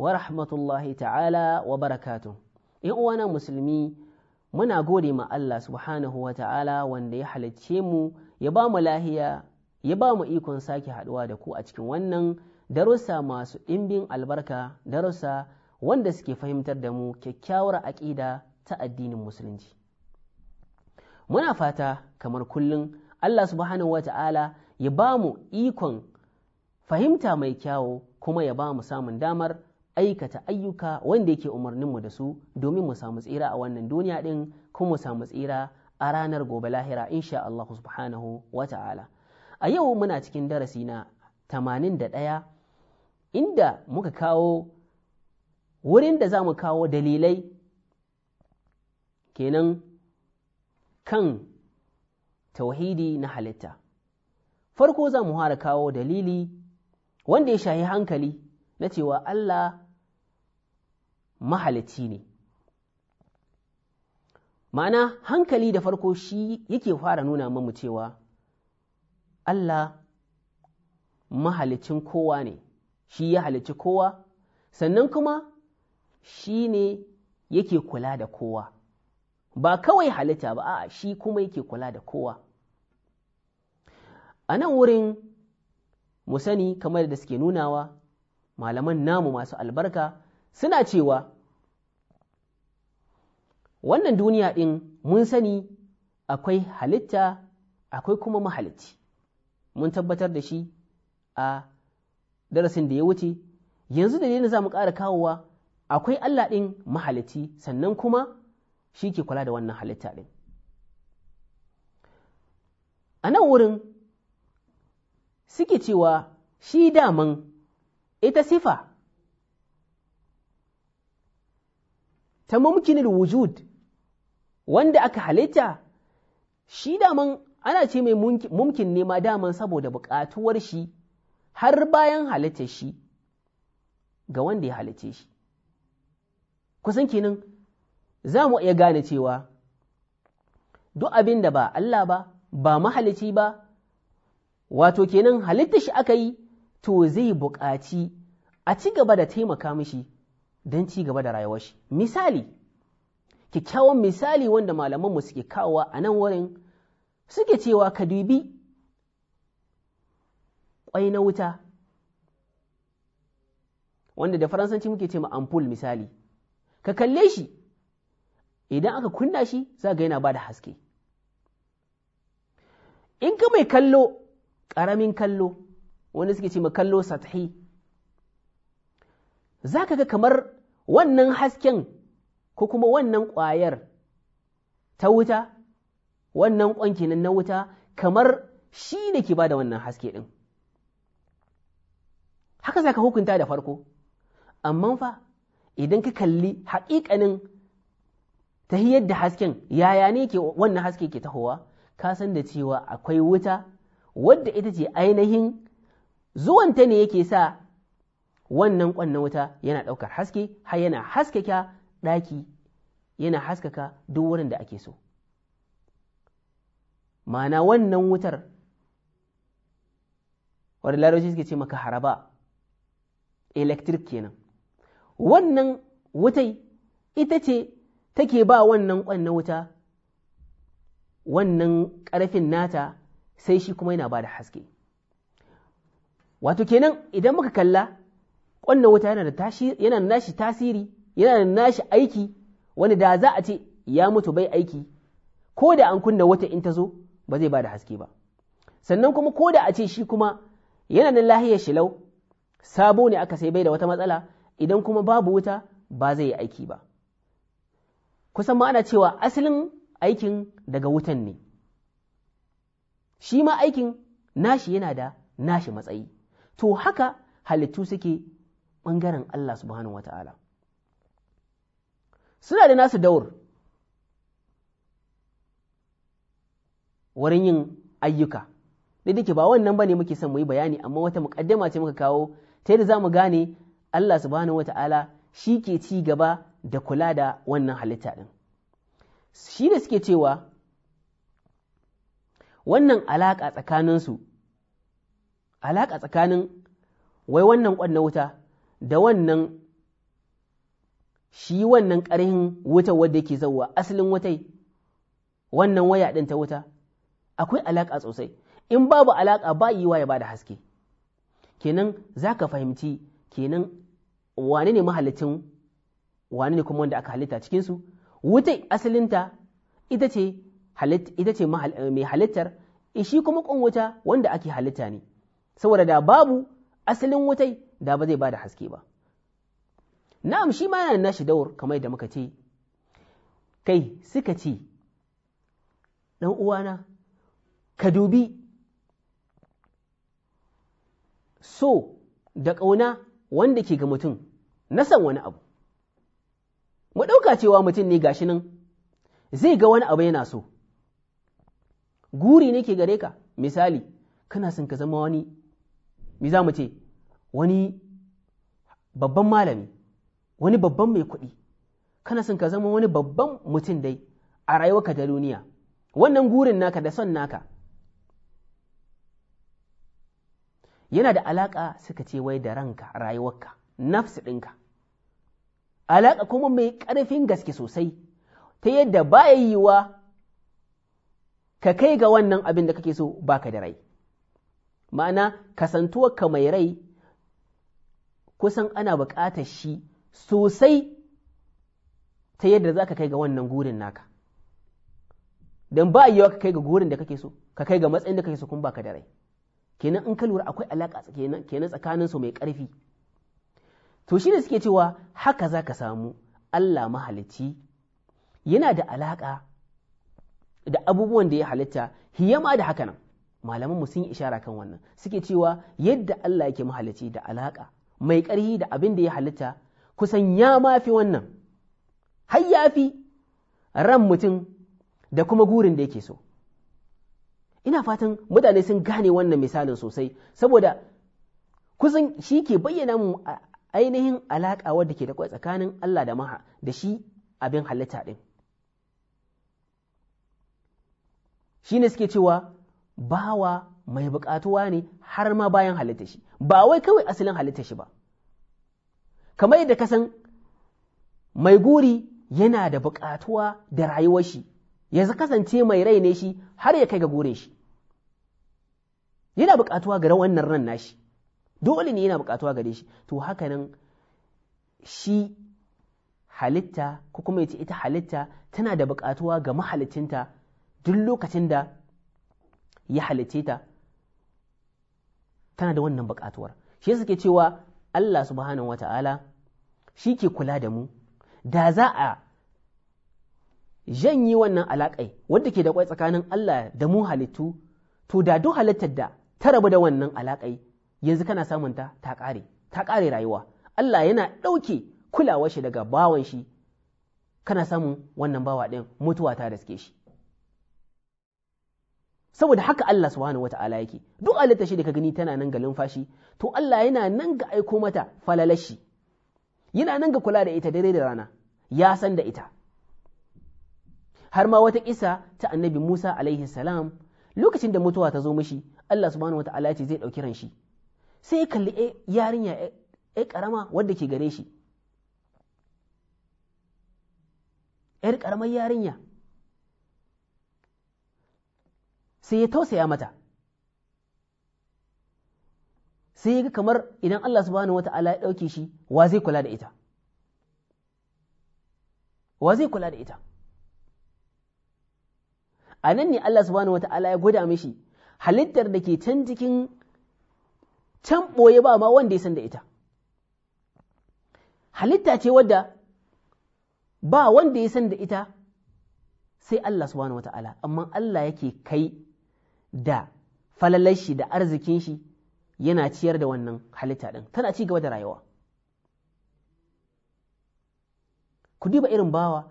wa rahmatullahi ta'ala wa barakatun. in uwana musulmi muna gode ma Allah subhanahu wa ta'ala wanda ya halicce mu ya ba mu lahiya ya ba mu ikon sake haɗuwa da ku a cikin wannan darussa masu ɗimbin albarka darussa wanda suke fahimtar da mu kyakkyawar aƙida ta addinin musulunci muna fata kamar kullum Allah subhanahu wa ta'ala ya ba mu ikon fahimta mai kyawo kuma ya ba mu samun damar aikata ayyuka wanda yake umarninmu da su domin mu samu tsira a wannan duniya din kuma mu samu tsira a ranar gobe lahira insha Allah subhanahu wa ta'ala a yau muna cikin darasi na 81 inda muka kawo wurin da za mu kawo dalilai kenan kan tauhidi na halitta farko za mu fara kawo dalili wanda ya shahi hankali na cewa Allah mahalici ne ma'ana hankali da farko shi yake fara nuna mamu cewa Allah mahalicin kowa ne shi ya halici kowa sannan kuma shi ne yake kula da kowa ba kawai halitta ba a shi kuma yake kula da kowa a nan wurin mu sani kamar da suke nunawa malaman namu masu albarka suna cewa wannan duniya ɗin mun sani akwai halitta akwai kuma mahalicci mun tabbatar da shi a darasin da ya wuce yanzu da za mu ƙara kawowa akwai Allah ɗin mahalicci sannan kuma shi ke kula da wannan halitta ɗin a nan wurin suke cewa shi daman ita sifa ta mamkinin wujud wanda aka halitta shi daman ana ce mai mumkin nema daman saboda buƙatuwar shi har bayan halitta shi ga wanda ya halitta shi kusan kenan za mu iya gane cewa duk abin da ba Allah ba ba mahalici ba wato kenan halitta shi aka yi to zai buƙaci a ci gaba da taimaka mishi don ci gaba da rayuwar shi misali kyakkyawan misali wanda mu suke kawowa a nan wurin suke cewa ka dubi kwai na wuta wanda da faransanci muke ce ma ampul misali ka kalle shi idan aka kunna shi za ga yana ba da haske in ka mai kallo ƙaramin kallo wanda suke ce ma kallo sathi za ka ga kamar wannan hasken ko kuma wannan kwayar ta wuta, wannan ƙwankinan na wuta, kamar shi ne ke ba da wannan haske ɗin. Haka za ka hukunta da farko, amma fa idan ka kalli haƙiƙanin ta yadda hasken yaya ne ke wannan haske ke tahowa, ka san da cewa akwai wuta wadda ita ce ainihin zuwanta ne yake sa wannan ƙwan na wuta yana ɗaukar haske har yana haskaka ɗaki yana haskaka duk wurin da ake so ma'ana wannan wutar wadda larabci suke ce maka haraba electric kenan wannan wutai ita ce take ba wannan ƙwan na wuta wannan ƙarfin nata sai shi kuma yana ba da haske wato kenan idan muka kalla wannan wuta yana da yana nashi tasiri yana da nashi aiki wani da za a ce ya mutu bai aiki ko da an kunna wata in ta zo ba zai ba da haske ba sannan kuma ko da a ce shi kuma yana da lahiyar shilau sabo ne aka sai bai da wata matsala idan kuma babu wuta ba zai yi aiki ba kusan ma ana cewa asalin aikin daga wutan ne shi ma aikin nashi yana da nashi matsayi to haka halittu suke ɓangaren Allah subhanahu wa ta'ala. Suna da nasu daur wurin yin ayyuka, da duke ba wannan ba ne muke son mu yi bayani, amma wata muƙaddama ce muka kawo ta yadda za mu gane Allah subhanahu wa ta'ala shi ke ci gaba da kula da wannan halitta ɗin. Shi da suke cewa wannan alaƙa tsakaninsu, alaƙa tsakanin wai wannan ƙwan na wuta da wannan shi wannan ƙarhin wuta wadda yake zauwa asalin watai wannan waya ɗin ta wuta akwai alaƙa sosai in babu alaƙa ba yiwa ya da haske kenan za ka fahimci kenan wane ne mahalicin wane ne kuma wanda aka halitta cikinsu wutai asalinta ita ce ita ce eh, mai halittar eh, shi kuma kun wuta wanda ake halitta ne saboda da babu asalin wutai da ba zai ba da haske ba na'am shi ma yana nashi daur kamar da muka ce kai suka ce ɗan uwana ka dubi so da ƙauna wanda ke ga mutum na san wani abu mu ɗauka cewa mutum ne gashi nan zai ga wani abu yana so guri ne ke gare ka misali kana son ka zama wani mi za mu ce wani babban malami wani babban mai kuɗi kana son ka zama wani babban mutum dai a rayuwarka da duniya wannan gurin naka da son naka yana da alaƙa suka ce wai da ranka rayuwarka nafsi ɗinka alaƙa kuma mai ƙarfin gaske sosai ta yadda ba yiwuwa ka kai ga wannan abin da kake so baka da rai ma'ana kasantuwarka mai rai kusan ana buƙatar shi sosai ta yadda za ka kai ga wannan gurin naka don ba yawa ka kai ga gurin da kake so ka kai ga matsayin da kake so kun baka da rai kenan in ka lura akwai alaƙa kenan tsakanin su mai ƙarfi to shi ne suke cewa haka za ka samu Allah mahalicci yana da alaƙa da abubuwan da ya halitta ma da haka nan malaman mu sun yi ishara kan wannan suke cewa yadda Allah yake mahalicci da alaƙa mai ƙarhi da abin da ya halitta kusan ya mafi wannan har ya fi ran mutum da kuma gurin da yake so ina fatan mutane sun gane wannan misalin sosai saboda kusan shi ke bayyana mu ainihin alaƙa wadda ke da tsakanin Allah da maha da shi abin halitta ɗin shi ne suke cewa bawa mai buƙatuwa ne har ma bayan halitta shi ba wai kawai asalin halitta shi ba kamar yadda ka san mai guri yana da buƙatuwa da rayuwar shi ya kasance mai rai ne shi har ya kai ga gurin shi yana buƙatuwa ga wannan ran nashi dole ne yana buƙatuwa gare shi to haka nan shi halitta ko kuma ita halitta tana da buƙatuwa ga mahalicinta duk lokacin da ya halice ta tana da wannan bukatuwar shi suke cewa Allah subhanahu wa ta'ala shi ke kula da mu da za a janyi wannan alaƙai wadda ke da kwai tsakanin Allah da mu halittu to da duk halittar da ta rabu da wannan alaƙai yanzu kana samun ta ta ƙare ta ƙare rayuwa Allah yana ɗauke kulawar shi daga bawan shi kana samun wannan bawa ɗin mutuwa ta riske shi saboda haka Allah subhanahu wata'ala yake duk halitta shi da ka gani tana nan ga lumfashi to Allah yana nan ga aiko mata falalashi yana nan ga kula da ita dare da rana ya san da ita har ma wata kisa ta annabi Musa alaihi salam lokacin da mutuwa ta zo mishi Allah subhanahu wata'ala ya ce zai ɗauki ran shi sai ya kalli e, yarinya ya e, karama e wanda ke gare shi ‘yar karamar yarinya sai ya tausaya mata sai ya ga kamar idan Allah subhanahu wa ta'ala ya ɗauke shi wa zai kula da ita wa zai kula da ita a nan ne Allah subhanahu wa ta'ala ya gwada mishi halittar da ke can cikin can ɓoye ba ma wanda ya san da ita halitta ce wadda ba wanda ya san da ita sai Allah subhanahu wa ta'ala amma Allah yake kai da falalai shi da arzikin shi yana ciyar da wannan halitta ɗin tana ci gaba da rayuwa ku duba irin bawa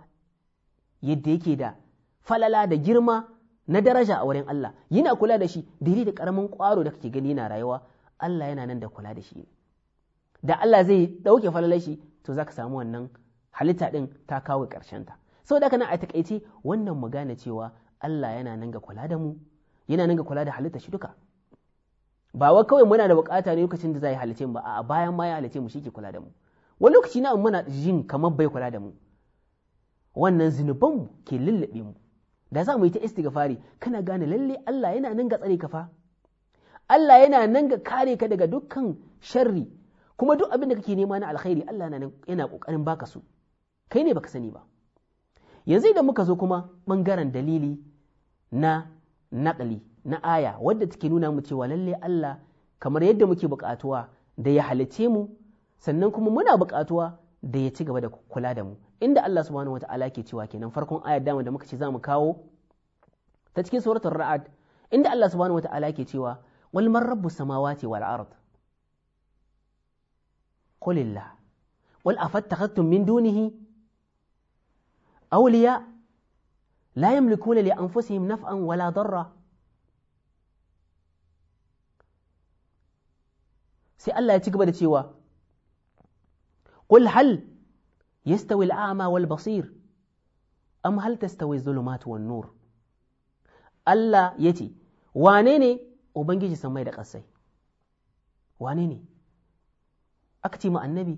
yadda yake da falala da girma na daraja a wurin Allah yana kula da shi daidai da karamin kwaro da kake gani yana rayuwa Allah yana nan da kula da shi da Allah zai ɗauke falalai shi to zaka samu wannan halitta din ta kawo karshen ta saboda haka nan a takaice wannan mu gane cewa Allah yana nan ga kula da mu yana nan ga kula da halitta shi duka ba wa kawai muna da bukata ne lokacin da zai halice mu ba a bayan ma ya halice mu shi ke kula da mu wani lokaci na muna jin kamar bai kula da mu wannan zinuban mu ke lullube mu da za mu yi ta istighfari kana gane lalle Allah yana nan ga tsare ka fa Allah yana nan ga kare ka daga dukkan sharri kuma duk abin da kake nema na alkhairi Allah yana kokarin baka su kai ne baka sani ba yanzu idan muka zo kuma bangaren dalili na naƙali na aya wadda take nuna mu cewa lalle Allah kamar yadda muke buƙatuwa da ya halice mu sannan kuma muna buƙatuwa da ya ci gaba da kula da mu inda Allah subhanahu wata'ala ke cewa kenan farkon ayar dama da muka ce za mu kawo ta cikin suratul ra'ad inda Allah subhanahu wata'ala ke cewa wal man rabbus samawati wal ard qulillah wal afattakhadtum min dunihi awliya لا يملكون لأنفسهم نفعا ولا ضرا سي الله يتكبر تيوا قل هل يستوي الأعمى والبصير أم هل تستوي الظلمات والنور الله يتي وانيني وبنجي سمي دقسي وانيني أكتم النبي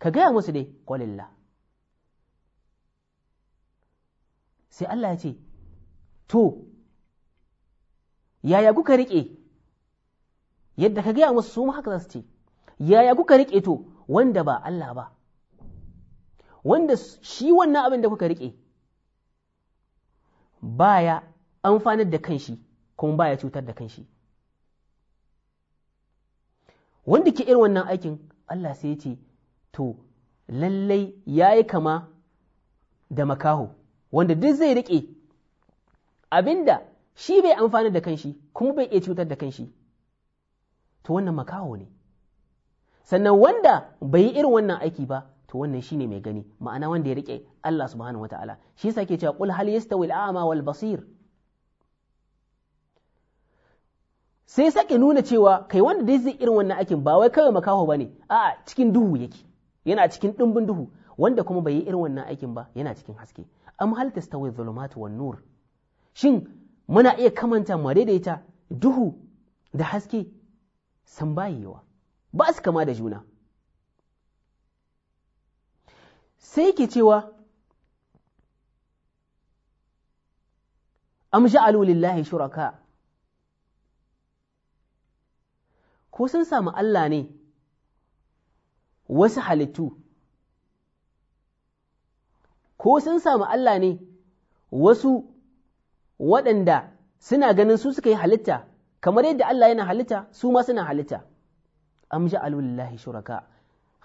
كجاء مسدي قل الله sai Allah ya ce to yaya kuka riƙe yadda ka gaya musu su haka za ce yaya kuka riƙe to wanda ba Allah ba wanda shi wannan abin da kuka riƙe baya amfanar da kanshi kuma baya cutar da kanshi wanda ke irin wannan aikin Allah sai ya ce to lallai ya yi kama da makaho wanda duk zai riƙe abinda shi bai amfani da kanshi kuma bai iya cutar da kanshi to wannan makaho ne sannan wanda bai yi irin wannan aiki ba to wannan shine mai gani ma'ana wanda ya riƙe, Allah subhanahu wata'ala shi yasa ke cewa qul hal yastawi al-a'ma wal basir sai sake nuna cewa kai wanda dai zai irin wannan aikin ba wai kawai makaho bane a'a cikin duhu yake yana cikin dimbin duhu wanda kuma bai yi irin wannan aikin ba yana cikin haske am hal tastawi dhulumat wan nur shin muna iya kamanta mu daidaita duhu da haske san bayewa ba su kama da juna sai ke cewa am ja'alu lillahi shuraka ko sun samu Allah ne wasu halittu ko sun samu Allah ne wasu waɗanda suna ganin su suka yi halitta kamar yadda Allah yana halitta su ma suna halitta am ja'alu lillahi shuraka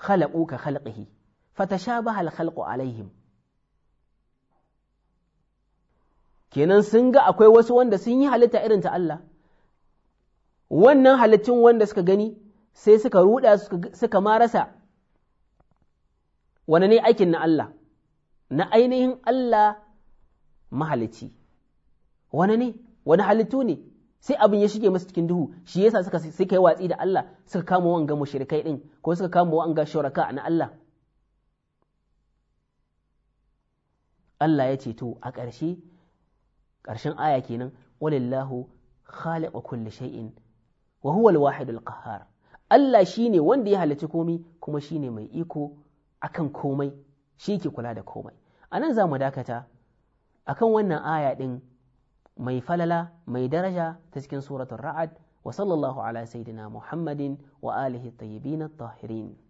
khalaqu ka khalqihi fatashabaha al-khalqu alaihim kenan sun ga akwai wasu wanda sun yi halitta irin ta Allah wannan halittun wanda suka gani sai suka ruda suka marasa rasa wane ne aikin na Allah na ainihin Allah mahalici wani ne wani halittu ne sai abin ya shige masu cikin duhu shi yasa suka suka yi watsi da Allah suka kama wanga mushrikai din ko suka kama wanga shuraka na Allah Allah ya ce to a ƙarshe ƙarshen aya kenan walillahu khaliq kulli shay'in wa huwa al-wahid al-qahhar Allah shine wanda ya halicci komai kuma shine mai iko akan komai shi ke kula da komai a nan za mu dakata akan wannan aya ɗin mai falala mai daraja ta cikin suratun ra'ad wa sallallahu ala sayyidina muhammadin wa alihi tayyibin tahirin